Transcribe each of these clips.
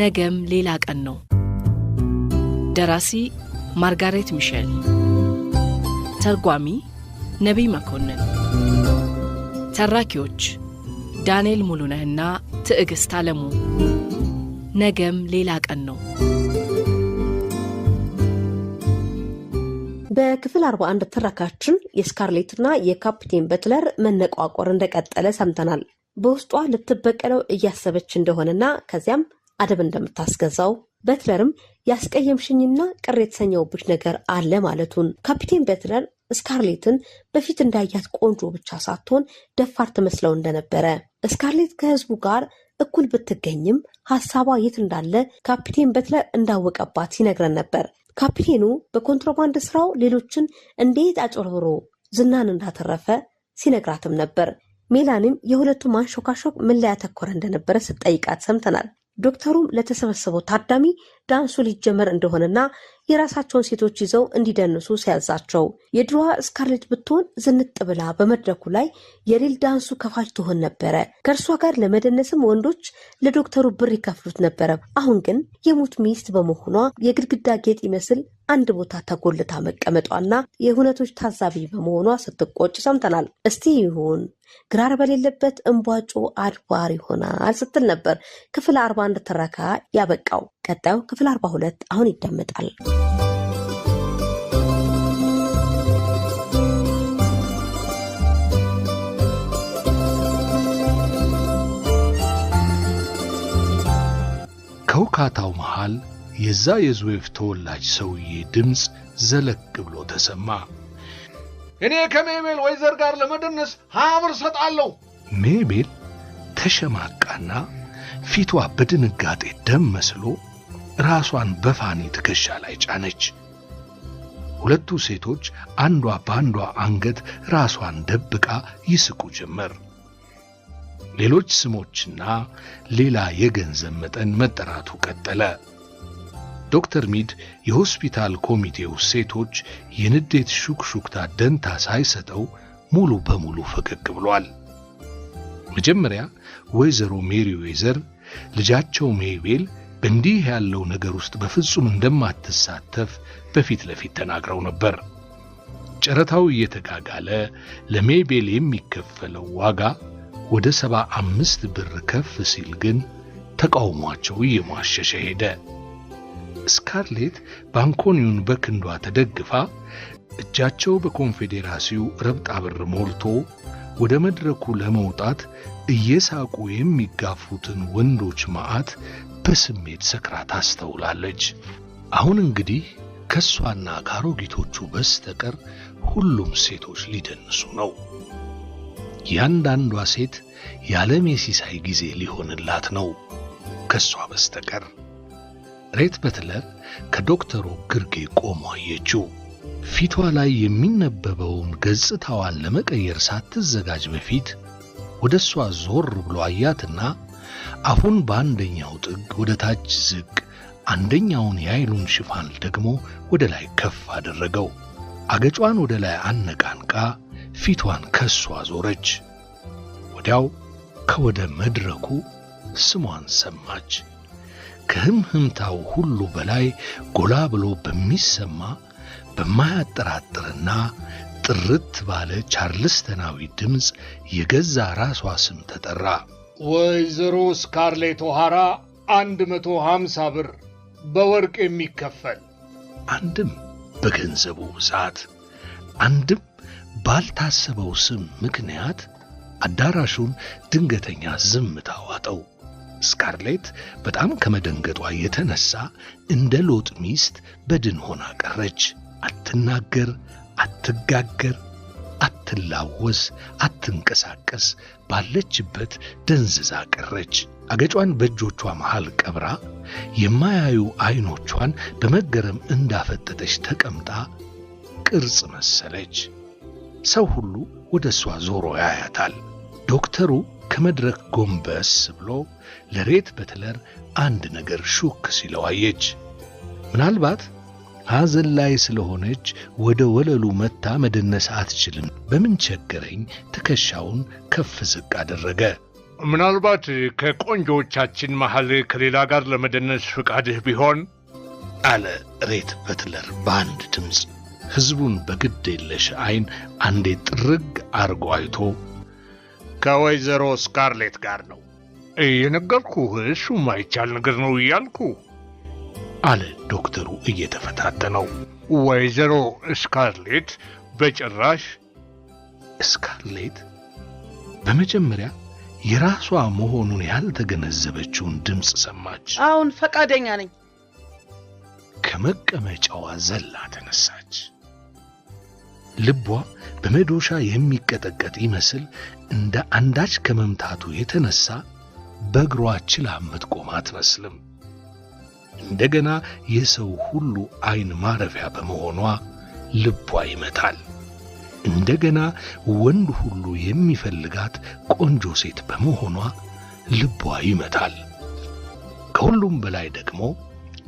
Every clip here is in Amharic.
ነገም ሌላ ቀን ነው። ደራሲ ማርጋሬት ሚሸል፣ ተርጓሚ ነቢይ መኮንን፣ ተራኪዎች ዳንኤል ሙሉነህና ትዕግሥት አለሙ። ነገም ሌላ ቀን ነው። በክፍል 41 ትረካችን የስካርሌትና የካፕቴን በትለር መነቋቆር እንደቀጠለ ሰምተናል። በውስጧ ልትበቀለው እያሰበች እንደሆነና ከዚያም አደብ እንደምታስገዛው በትለርም ያስቀየምሽኝና ቅር የተሰኘውብሽ ነገር አለ ማለቱን ካፒቴን በትለር ስካርሌትን በፊት እንዳያት ቆንጆ ብቻ ሳትሆን ደፋር ትመስለው እንደነበረ ስካርሌት ከህዝቡ ጋር እኩል ብትገኝም ሀሳቧ የት እንዳለ ካፒቴን በትለር እንዳወቀባት ይነግረን ነበር። ካፒቴኑ በኮንትሮባንድ ስራው ሌሎችን እንዴት አጭበርብሮ ዝናን እንዳተረፈ ሲነግራትም ነበር። ሜላኒም የሁለቱ ማንሾካሾክ ምን ላይ ያተኮረ እንደነበረ ስትጠይቃት ሰምተናል። ዶክተሩም ለተሰበሰበው ታዳሚ ዳንሱ ሊጀመር እንደሆነና የራሳቸውን ሴቶች ይዘው እንዲደንሱ ሲያዛቸው የድሮዋ ስካርሌት ብትሆን ዝንጥ ብላ በመድረኩ ላይ የሌል ዳንሱ ከፋች ትሆን ነበረ። ከእርሷ ጋር ለመደነስም ወንዶች ለዶክተሩ ብር ይከፍሉት ነበረ። አሁን ግን የሙት ሚስት በመሆኗ የግድግዳ ጌጥ ይመስል አንድ ቦታ ተጎልታ መቀመጧና የሁነቶች ታዛቢ በመሆኗ ስትቆጭ ሰምተናል። እስቲ ይሁን ግራር በሌለበት እንቧጮ አድባር ይሆናል ስትል ነበር ክፍል 41 ትረካ ያበቃው። ቀጣዩ ክፍል 42 አሁን ይደመጣል። ከውካታው መሃል የዛ የዝዌፍ ተወላጅ ሰውዬ ድምፅ ዘለቅ ብሎ ተሰማ። እኔ ከሜቤል ወይዘር ጋር ለመደነስ ሀብር ሰጣለሁ። ሜቤል ተሸማቃና ፊቷ በድንጋጤ ደም መስሎ ራሷን በፋኒ ትከሻ ላይ ጫነች። ሁለቱ ሴቶች አንዷ በአንዷ አንገት ራሷን ደብቃ ይስቁ ጀመር። ሌሎች ስሞችና ሌላ የገንዘብ መጠን መጠራቱ ቀጠለ። ዶክተር ሚድ የሆስፒታል ኮሚቴው ሴቶች የንዴት ሹክሹክታ ደንታ ሳይሰጠው ሙሉ በሙሉ ፈገግ ብሏል። መጀመሪያ ወይዘሮ ሜሪ ዌዘር ልጃቸው ሜቤል በእንዲህ ያለው ነገር ውስጥ በፍጹም እንደማትሳተፍ በፊት ለፊት ተናግረው ነበር። ጨረታው እየተጋጋለ ለሜቤል የሚከፈለው ዋጋ ወደ ሰባ አምስት ብር ከፍ ሲል ግን ተቃውሟቸው እየሟሸሸ ሄደ። ስካርሌት ባንኮኒውን በክንዷ ተደግፋ እጃቸው በኮንፌዴራሲው ረብጣ ብር ሞልቶ ወደ መድረኩ ለመውጣት እየሳቁ የሚጋፉትን ወንዶች መዓት በስሜት ሰክራ ታስተውላለች። አሁን እንግዲህ ከእሷና ካሮጊቶቹ በስተቀር ሁሉም ሴቶች ሊደንሱ ነው። ያንዳንዷ ሴት ያለ ሜሲሳይ ጊዜ ሊሆንላት ነው ከእሷ በስተቀር ሬት በትለር ከዶክተሩ ግርጌ ቆሞ አየችው። ፊቷ ላይ የሚነበበውን ገጽታዋን ለመቀየር ሳትዘጋጅ በፊት ወደ እሷ ዞር ብሎ አያትና አፉን በአንደኛው ጥግ ወደ ታች ዝቅ፣ አንደኛውን የኃይሉን ሽፋን ደግሞ ወደ ላይ ከፍ አደረገው። አገጯን ወደ ላይ አነቃንቃ ፊቷን ከሷ ዞረች። ወዲያው ከወደ መድረኩ ስሟን ሰማች። ከህምህምታው ሁሉ በላይ ጎላ ብሎ በሚሰማ በማያጠራጥርና ጥርት ባለ ቻርልስተናዊ ድምፅ የገዛ ራሷ ስም ተጠራ። ወይዘሮ ስካርሌት ኦሃራ 150 ብር በወርቅ የሚከፈል አንድም በገንዘቡ ብዛት አንድም ባልታሰበው ስም ምክንያት አዳራሹን ድንገተኛ ዝምታ ዋጠው። ስካርሌት በጣም ከመደንገጧ የተነሳ እንደ ሎጥ ሚስት በድን ሆና ቀረች። አትናገር፣ አትጋገር፣ አትላወስ፣ አትንቀሳቀስ፣ ባለችበት ደንዝዛ ቀረች። አገጯን በእጆቿ መሃል ቀብራ የማያዩ ዐይኖቿን በመገረም እንዳፈጠጠች ተቀምጣ ቅርጽ መሰለች። ሰው ሁሉ ወደ እሷ ዞሮ ያያታል። ዶክተሩ ከመድረክ ጎንበስ ብሎ ለሬት በትለር አንድ ነገር ሹክ ሲለው አየች። ምናልባት ሐዘን ላይ ስለሆነች ወደ ወለሉ መታ መደነስ አትችልም። በምን ቸገረኝ? ትከሻውን ከፍ ዝቅ አደረገ። ምናልባት ከቆንጆዎቻችን መሃል ከሌላ ጋር ለመደነስ ፍቃድህ ቢሆን አለ ሬት በትለር በአንድ ድምፅ። ሕዝቡን በግድ የለሽ ዐይን አንዴ ጥርግ አርጎ አይቶ ከወይዘሮ ስካርሌት ጋር ነው የነገርኩ። እሱ ማይቻል ነገር ነው እያልኩ አለ ዶክተሩ እየተፈታተነው። ወይዘሮ ስካርሌት በጭራሽ ስካርሌት በመጀመሪያ የራሷ መሆኑን ያልተገነዘበችውን ድምፅ ሰማች። አሁን ፈቃደኛ ነኝ። ከመቀመጫዋ ዘላ ተነሳች። ልቧ በመዶሻ የሚቀጠቀጥ ይመስል እንደ አንዳች ከመምታቱ የተነሳ በእግሯ ችላ የምትቆም አትመስልም። እንደገና የሰው ሁሉ ዐይን ማረፊያ በመሆኗ ልቧ ይመታል። እንደገና ወንድ ሁሉ የሚፈልጋት ቆንጆ ሴት በመሆኗ ልቧ ይመታል። ከሁሉም በላይ ደግሞ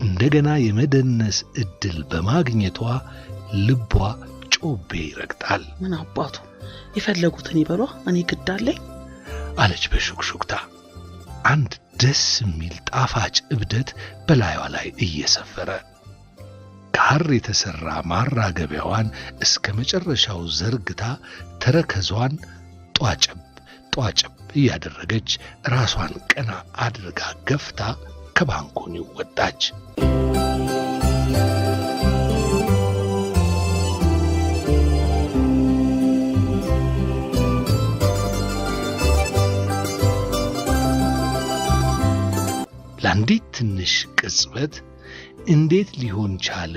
እንደገና የመደነስ ዕድል በማግኘቷ ልቧ ጮቤ ይረግጣል። ምን አባቱ የፈለጉትን ይበሏ፣ እኔ ግድ አለች በሹክሹክታ። አንድ ደስ የሚል ጣፋጭ እብደት በላዩዋ ላይ እየሰፈረ ከሐር የተሠራ ማራገቢያዋን እስከ መጨረሻው ዘርግታ ተረከዟን ጧጭብ ጧጭብ እያደረገች ራሷን ቀና አድርጋ ገፍታ ከባንኮኒው ወጣች። ለአንዲት ትንሽ ቅጽበት እንዴት ሊሆን ቻለ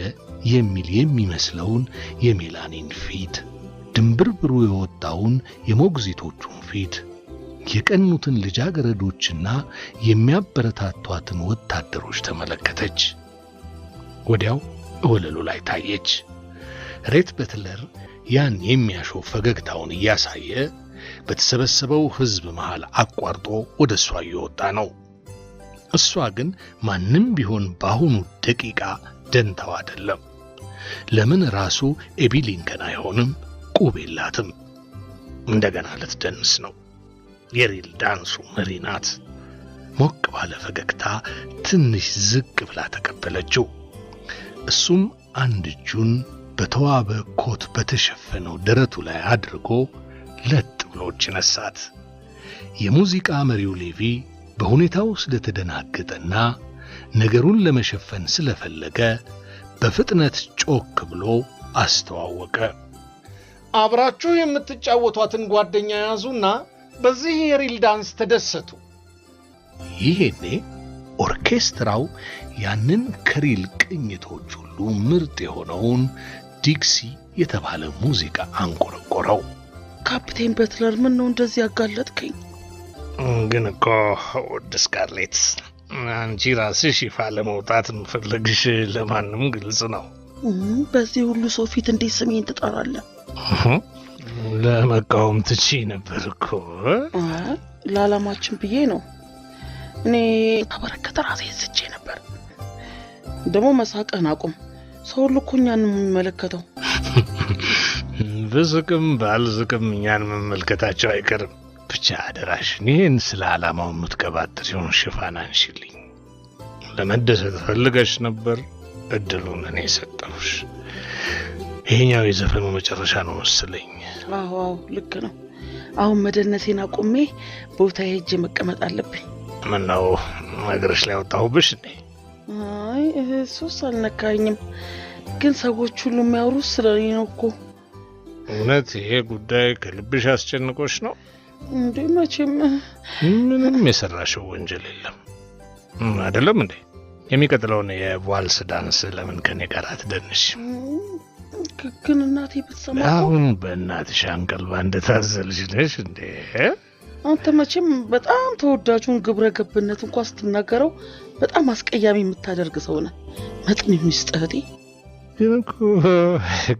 የሚል የሚመስለውን የሜላኒን ፊት፣ ድንብርብሩ የወጣውን የሞግዚቶቹን ፊት፣ የቀኑትን ልጃገረዶችና የሚያበረታቷትን ወታደሮች ተመለከተች። ወዲያው እወለሉ ላይ ታየች። ሬት በትለር ያን የሚያሾው ፈገግታውን እያሳየ በተሰበሰበው ሕዝብ መሃል አቋርጦ ወደ እሷ እየወጣ ነው። እሷ ግን ማንም ቢሆን በአሁኑ ደቂቃ ደንታው አይደለም። ለምን ራሱ ኤቢ ሊንከን አይሆንም? ቁብ የላትም። እንደገና ልትደንስ ነው። የሪል ዳንሱ መሪ ናት። ሞቅ ባለ ፈገግታ ትንሽ ዝቅ ብላ ተቀበለችው። እሱም አንድ እጁን በተዋበ ኮት በተሸፈነው ደረቱ ላይ አድርጎ ለጥ ብሎ እጅ ነሳት። የሙዚቃ መሪው ሌቪ በሁኔታው ስለተደናገጠና ነገሩን ለመሸፈን ስለፈለገ በፍጥነት ጮክ ብሎ አስተዋወቀ። አብራችሁ የምትጫወቷትን ጓደኛ ያዙና በዚህ የሪል ዳንስ ተደሰቱ። ይሄኔ ኦርኬስትራው ያንን ከሪል ቅኝቶች ሁሉ ምርጥ የሆነውን ዲክሲ የተባለ ሙዚቃ አንቆረቆረው። ካፕቴን በትለር ምን ነው እንደዚህ ያጋለጥከኝ? ግን እኮ ውድ ስካርሌት፣ አንቺ ራስሽ ይፋ ለመውጣት እንፈለግሽ ለማንም ግልጽ ነው። በዚህ ሁሉ ሰው ፊት እንዴት ስሜን ትጠራለህ? ለመቃወም ትቺ ነበር እኮ። ለዓላማችን ብዬ ነው። እኔ ተበረከተ ራሴ ስቼ ነበር። ደግሞ መሳቅህን አቁም። ሰው ሁሉ እኮ እኛን የሚመለከተው። ባል ዝቅም እኛን መመልከታቸው አይቀርም። ብቻ አደራሽን ይህን ስለ ዓላማው የምትቀባጥር ሲሆን ሽፋን አንሽልኝ። ለመደሰት ፈልገሽ ነበር፣ እድሉን እኔ የሰጠሁሽ። ይሄኛው የዘፈኑ መጨረሻ ነው መሰለኝ። አዎ አዎ፣ ልክ ነው። አሁን መደነሴን አቁሜ ቦታ ሄጅ መቀመጥ አለብኝ። ምነው እግርሽ ላይ ወጣሁብሽ? አይ እሱስ አልነካኝም፣ ግን ሰዎች ሁሉ የሚያወሩት ስለኔ ነው እኮ። እውነት ይሄ ጉዳይ ከልብሽ አስጨንቆሽ ነው? እንዴ መቼም ምንም የሰራሽው ወንጀል የለም አይደለም እንዴ? የሚቀጥለውን የቫልስ ዳንስ ለምን ከኔ ጋር አትደንሽ? ግን እናቴ ብትሰማ። አሁን በእናትሽ አንቀልባ እንደታዘልሽ ነሽ እንዴ? አንተ መቼም በጣም ተወዳጁን ግብረ ገብነት እንኳ ስትናገረው በጣም አስቀያሚ የምታደርግ ሰው ነ መጥን የሚስጥህ እህቴ። ግን እኮ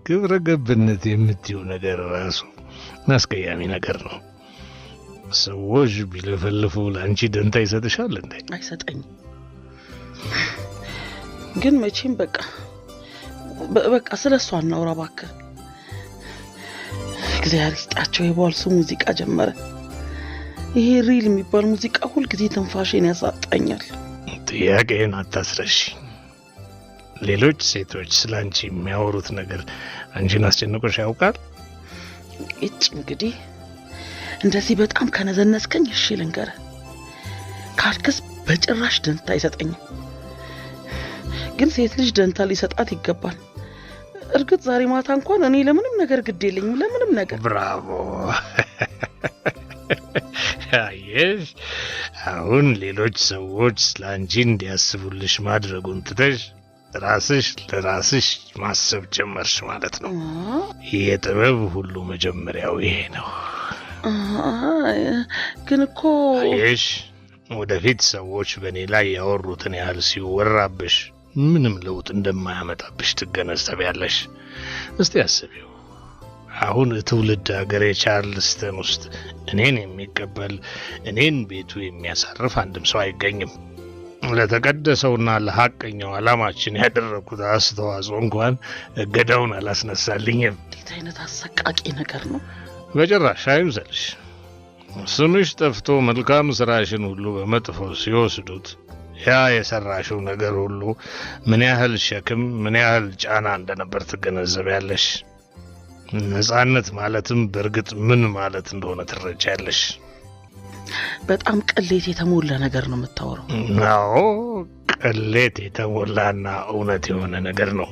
ግብረ ገብነት የምትይው ነገር ራሱ አስቀያሚ ነገር ነው። ሰዎች ቢለፈልፉ ለአንቺ ደንታ ይሰጥሻል እንዴ? አይሰጠኝ። ግን መቼም በቃ በቃ ስለ እሷ እናውራ እባክህ። እግዚአብሔር ይስጣቸው። የቧልሱ ሙዚቃ ጀመረ። ይሄ ሪል የሚባል ሙዚቃ ሁልጊዜ ትንፋሽን ያሳጣኛል። ጥያቄን አታስረሽ። ሌሎች ሴቶች ስለ አንቺ የሚያወሩት ነገር አንቺን አስጨንቆሽ ያውቃል? ይጭ እንግዲህ እንደዚህ በጣም ከነዘነስከኝ እሺ ልንገረ ካልክስ በጭራሽ ደንታ አይሰጠኝም። ግን ሴት ልጅ ደንታ ሊሰጣት ይገባል። እርግጥ ዛሬ ማታ እንኳን እኔ ለምንም ነገር ግድ የለኝም፣ ለምንም ነገር። ብራቮ! አየሽ፣ አሁን ሌሎች ሰዎች ስለአንቺ እንዲያስቡልሽ ማድረጉን ትተሽ ራስሽ ለራስሽ ማሰብ ጀመርሽ ማለት ነው። የጥበብ ሁሉ መጀመሪያው ይሄ ነው። ግን እኮ አየሽ፣ ወደፊት ሰዎች በእኔ ላይ ያወሩትን ያህል ሲወራብሽ ምንም ለውጥ እንደማያመጣብሽ ትገነዘቢያለሽ። እስቲ አስቢው። አሁን ትውልድ ሀገሬ ቻርልስተን ውስጥ እኔን የሚቀበል እኔን ቤቱ የሚያሳርፍ አንድም ሰው አይገኝም። ለተቀደሰውና ለሀቀኛው ዓላማችን ያደረግኩት አስተዋጽኦ እንኳን እገዳውን አላስነሳልኝም። እንዴት አይነት አሰቃቂ ነገር ነው! በጭራሽ አይምሰልሽ። ስምሽ ጠፍቶ መልካም ስራሽን ሁሉ በመጥፎ ሲወስዱት ያ የሰራሽው ነገር ሁሉ ምን ያህል ሸክም፣ ምን ያህል ጫና እንደነበር ትገነዘቢያለሽ። ነጻነት ማለትም በእርግጥ ምን ማለት እንደሆነ ትረጃለሽ። በጣም ቅሌት የተሞላ ነገር ነው የምታወራው። አዎ ቅሌት የተሞላና እውነት የሆነ ነገር ነው።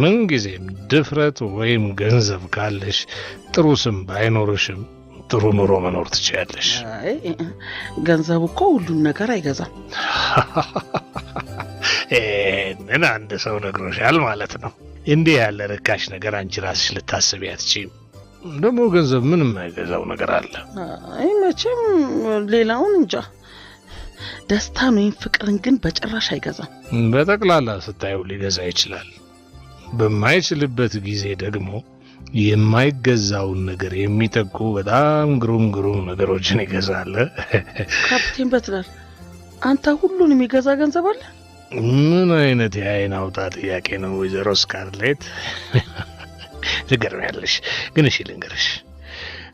ምንጊዜም ድፍረት ወይም ገንዘብ ካለሽ ጥሩ ስም ባይኖርሽም ጥሩ ኑሮ መኖር ትችያለሽ። ገንዘብ እኮ ሁሉን ነገር አይገዛም። ምን አንድ ሰው ነግሮሻል ማለት ነው። እንዲህ ያለ ርካሽ ነገር አንቺ ራስሽ ልታስብ ያትችም ደግሞ ገንዘብ ምን የማይገዛው ነገር አለ። መቼም ሌላውን እንጃ ደስታን ወይም ፍቅርን ግን በጭራሽ አይገዛም። በጠቅላላ ስታየው ሊገዛ ይችላል። በማይችልበት ጊዜ ደግሞ የማይገዛውን ነገር የሚጠቁ በጣም ግሩም ግሩም ነገሮችን ይገዛለ። ካፕቴን በትለር፣ አንተ ሁሉን የሚገዛ ገንዘብ አለ። ምን አይነት የአይን አውጣ ጥያቄ ነው ወይዘሮ ስካርሌት? ትገርሚያለሽ። ግን እሺ ልንገርሽ፣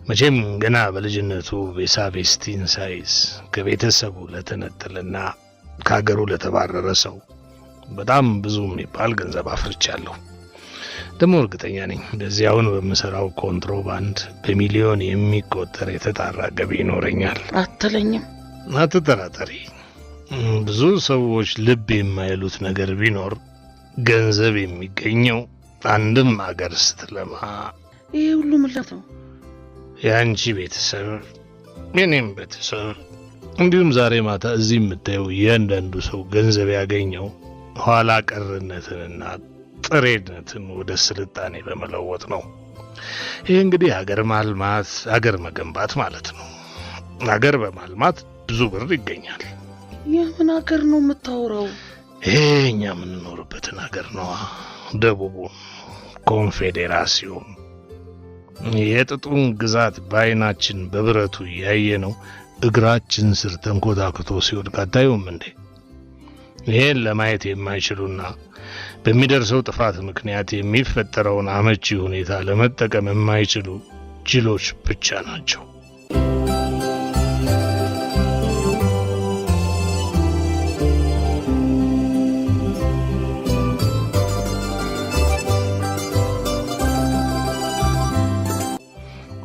መቼም ገና በልጅነቱ ቤሳቤስቲን ሳይዝ ከቤተሰቡ ለተነጠለና ከሀገሩ ለተባረረ ሰው በጣም ብዙ የሚባል ገንዘብ አፍርቻለሁ። ደግሞ እርግጠኛ ነኝ አሁን በምሰራው ኮንትሮባንድ በሚሊዮን የሚቆጠር የተጣራ ገቢ ይኖረኛል። አትለኝም? አትጠራጠሪ። ብዙ ሰዎች ልብ የማይሉት ነገር ቢኖር ገንዘብ የሚገኘው አንድም አገር ስትለማ፣ ይሄ ሁሉ ምላት ነው። የአንቺ ቤተሰብ የኔም ቤተሰብ እንዲሁም ዛሬ ማታ እዚህ የምታየው እያንዳንዱ ሰው ገንዘብ ያገኘው ኋላ ቀርነትንና ጥሬነትን ወደ ስልጣኔ በመለወጥ ነው። ይህ እንግዲህ ሀገር ማልማት፣ ሀገር መገንባት ማለት ነው። ሀገር በማልማት ብዙ ብር ይገኛል። የምን ሀገር ነው የምታወራው? ይሄ እኛ የምንኖርበትን ሀገር ነዋ። ደቡቡን፣ ኮንፌዴራሲዮን፣ የጥጡን ግዛት በአይናችን በብረቱ እያየ ነው እግራችን ስር ተንኮታክቶ ሲወድቅ አታዩም እንዴ? ይህን ለማየት የማይችሉና በሚደርሰው ጥፋት ምክንያት የሚፈጠረውን አመቺ ሁኔታ ለመጠቀም የማይችሉ ጅሎች ብቻ ናቸው።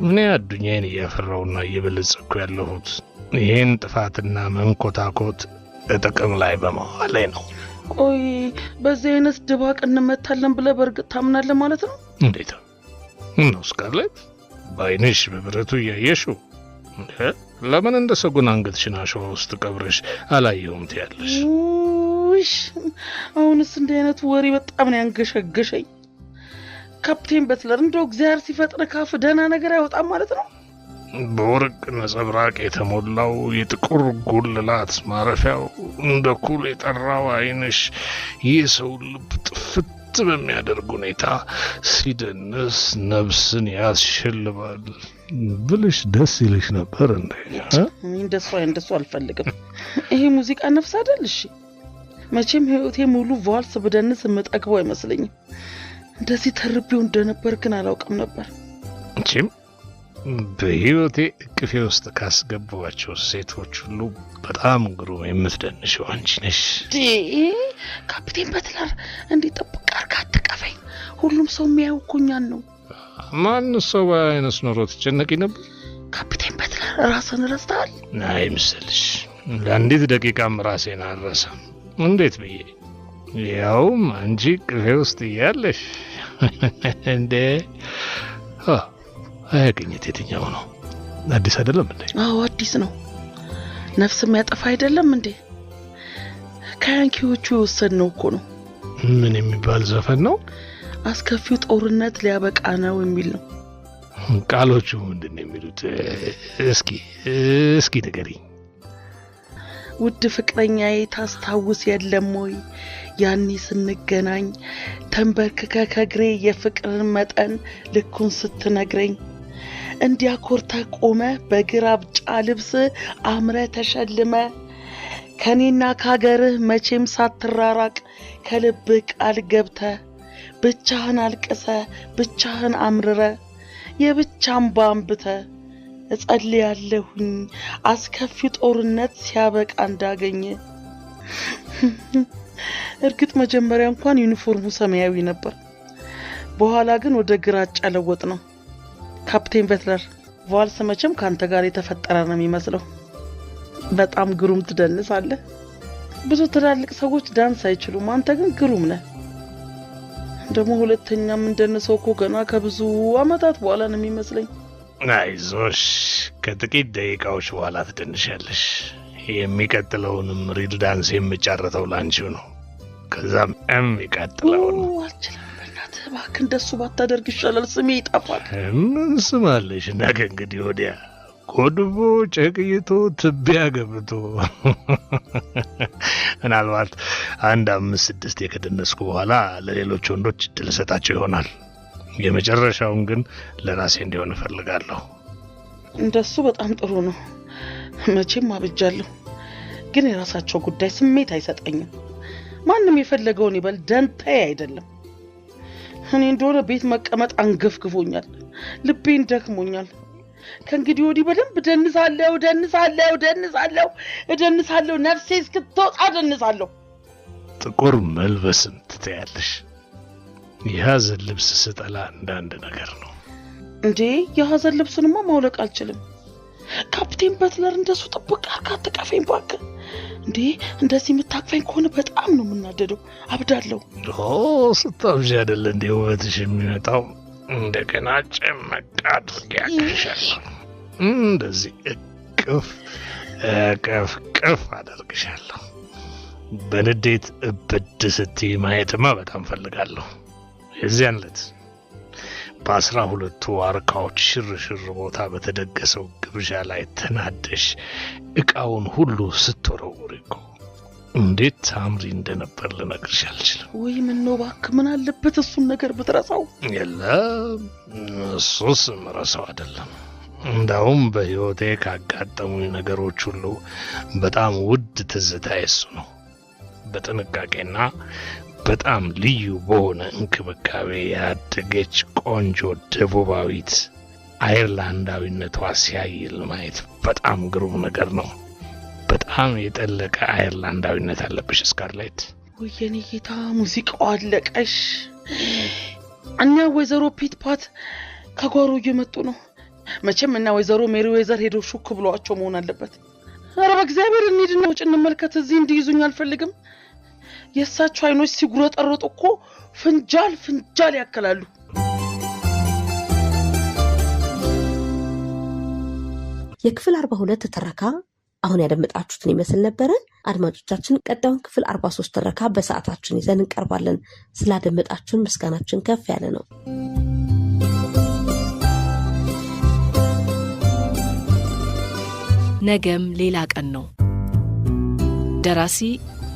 እኔ አዱኛዬን እያፈራውና እየበለጸኩ ያለሁት ይህን ጥፋትና መንኮታኮት ጥቅም ላይ ላይ ነው። ቆይ በዚህ አይነት ድባቅ እንመታለን ብለህ በእርግጥ ታምናለህ ማለት ነው? እንዴት ነው ስካርሌት፣ በአይንሽ በብረቱ እያየሽው ለምን እንደ ሰጉን አንገትሽን አሸዋ ውስጥ ቀብረሽ አላየሁም ትያለሽ? ውሽ አሁንስ እንዲህ አይነቱ ወሬ በጣም ነው ያንገሸገሸኝ። ካፕቴን በትለር እንደው እግዚአብሔር ሲፈጥር ካፍ ደህና ነገር አይወጣም ማለት ነው። በወርቅ ነጸብራቅ የተሞላው የጥቁር ጉልላት ማረፊያው እንደ ኩል የጠራው ይህ ሰው ልብ ጥፍት በሚያደርግ ሁኔታ ሲደንስ ነብስን ያስሸልባል ብልሽ ደስ ይልሽ ነበር እንዴ? እንደሱ እንደሱ አልፈልግም። ይሄ ሙዚቃ ነፍስ አደል እሺ፣ መቼም ህይወቴ ሙሉ ቫልስ ብደንስ የምጠግበው አይመስለኝም። እንደዚህ ተርቤው እንደነበር ግን አላውቅም ነበር። በህይወቴ እቅፌ ውስጥ ካስገባቸው ሴቶች ሁሉ በጣም ግሩም የምትደንሽው አንቺ ነሽ። ካፕቴን በትለር እንዲህ ጥብቅ አርጋ አትቀፈኝ። ሁሉም ሰው የሚያየው እኮ እኛን ነው። ማን ሰው በአይነት ኖሮ ትጨነቂ ነበር። ካፒቴን በትለር ራስን ረስተሃል። አይ ምስልሽ ለአንዲት ደቂቃም ራሴን አልረሳም። እንዴት ብዬ ያውም አንቺ ቅፌ ውስጥ እያለሽ እንዴ አያገኘት የትኛው ነው? አዲስ አይደለም እንዴ? አዎ አዲስ ነው። ነፍስ የሚያጠፋ አይደለም እንዴ? ከያንኪዎቹ ነው እኮ ነው። ምን የሚባል ዘፈን ነው? አስከፊው ጦርነት ሊያበቃ ነው የሚል ነው። ቃሎቹ ምንድን የሚሉት? እስኪ እስኪ ንገሪኝ። ውድ ፍቅረኛ ታስታውስ የለም ወይ ያኔ ስንገናኝ ተንበርክከ ከግሬ የፍቅርን መጠን ልኩን ስትነግረኝ እንዲያኮርተ ቆመ በግራብጫ ልብስ አምረ ተሸልመ ከኔና ከሀገርህ መቼም ሳትራራቅ ከልብህ ቃል ገብተ ብቻህን አልቅሰ ብቻህን አምርረ የብቻም ባንብተ እጸልያለሁኝ አስከፊ ጦርነት ሲያበቃ እንዳገኘ። እርግጥ መጀመሪያ እንኳን ዩኒፎርሙ ሰማያዊ ነበር። በኋላ ግን ወደ ግራጫ ለወጥ ነው። ካፕቴን በትለር ቫልስ መቼም ከአንተ ጋር የተፈጠረ ነው የሚመስለው። በጣም ግሩም አለ። ብዙ ትላልቅ ሰዎች ዳንስ አይችሉም፣ አንተ ግን ግሩም ነህ። ደግሞ ሁለተኛም እንደነሰው እኮ ገና ከብዙ አመታት በኋላ ነው የሚመስለኝ። አይዞሽ፣ ከጥቂት ደቂቃዎች በኋላ ትደንሻለሽ። የሚቀጥለውንም ሪል ዳንስ የምጫረተው ላንቺው ነው። ከዛም የሚቀጥለውን አልችልም እባክህ እንደሱ ባታደርግ ይሻላል፣ ስሜ ይጠፋል። ምን ስማለሽ? ነገ እንግዲህ ወዲያ ጎድቦ ጨቅይቶ ትቢያ ገብቶ ምናልባት አንድ አምስት ስድስት የከደነስኩ በኋላ ለሌሎች ወንዶች እድል እሰጣቸው ይሆናል። የመጨረሻውን ግን ለራሴ እንዲሆን እፈልጋለሁ። እንደሱ በጣም ጥሩ ነው። መቼም አብጃለሁ፣ ግን የራሳቸው ጉዳይ ስሜት አይሰጠኝም። ማንም የፈለገውን ይበል፣ ደንታዬ አይደለም። እኔ እንደሆነ ቤት መቀመጥ አንገፍግፎኛል፣ ልቤን ደክሞኛል። ከእንግዲህ ወዲህ በደንብ እደንሳለሁ፣ እደንሳለሁ፣ እደንሳለሁ፣ እደንሳለሁ፣ ነፍሴ እስክትወጣ እደንሳለሁ። ጥቁር መልበስን ትተያለሽ። የሐዘን ልብስ ስጠላ እንዳንድ ነገር ነው እንዴ? የሐዘን ልብስንማ ማውለቅ አልችልም። ካፕቴን በትለር እንደሱ ጥብቅ አርጋ አትቀፈኝ ባክ እንዴ እንደዚህ የምታቅፈኝ ከሆነ በጣም ነው የምናደደው፣ አብዳለሁ። ስታብዣ አደለ እንዴ ውበትሽ የሚመጣው? እንደገና ጭመቅ አድርጌ ያቅፍሻለሁ። እንደዚህ እቅፍ እቅፍ ቅፍ አደርግሻለሁ። በንዴት እብድ ስትይ ማየትማ በጣም ፈልጋለሁ። የዚያን ዕለት በአስራ ሁለቱ ዋርካዎች ሽርሽር ቦታ በተደገሰው ግብዣ ላይ ተናደሽ እቃውን ሁሉ ስትወረውር እኮ እንዴት አምሪ እንደነበር ልነግርሽ አልችልም። ወይ ምነው እባክህ፣ ምን አለበት እሱን ነገር ብትረሳው። የለም እሱስ ምረሳው አይደለም። እንዳውም በሕይወቴ ካጋጠሙኝ ነገሮች ሁሉ በጣም ውድ ትዝታ የሱ ነው። በጥንቃቄና በጣም ልዩ በሆነ እንክብካቤ ያደገች ቆንጆ ደቡባዊት አይርላንዳዊነቷ ሲያይል ማየት በጣም ግሩም ነገር ነው። በጣም የጠለቀ አይርላንዳዊነት አለብሽ ስካርሌት። ወየኔ ጌታ ሙዚቃው አለቀሽ። እኛ ወይዘሮ ፒት ፓት ከጓሮ እየመጡ ነው መቼም። እና ወይዘሮ ሜሪ ወይዘር ሄደው ሹክ ብሏቸው መሆን አለበት። ኧረ በእግዚአብሔር እንሂድና ውጭ እንመልከት። እዚህ እንዲይዙኝ አልፈልግም። የእሳቸው አይኖች ሲጉረጠረጡ እኮ ፍንጃል ፍንጃል ያክላሉ። የክፍል 42 ትረካ አሁን ያደመጣችሁትን ይመስል ነበረ። አድማጮቻችን፣ ቀጣዩን ክፍል 43 ትረካ በሰዓታችን ይዘን እንቀርባለን። ስላደመጣችሁን ምስጋናችን ከፍ ያለ ነው። ነገም ሌላ ቀን ነው። ደራሲ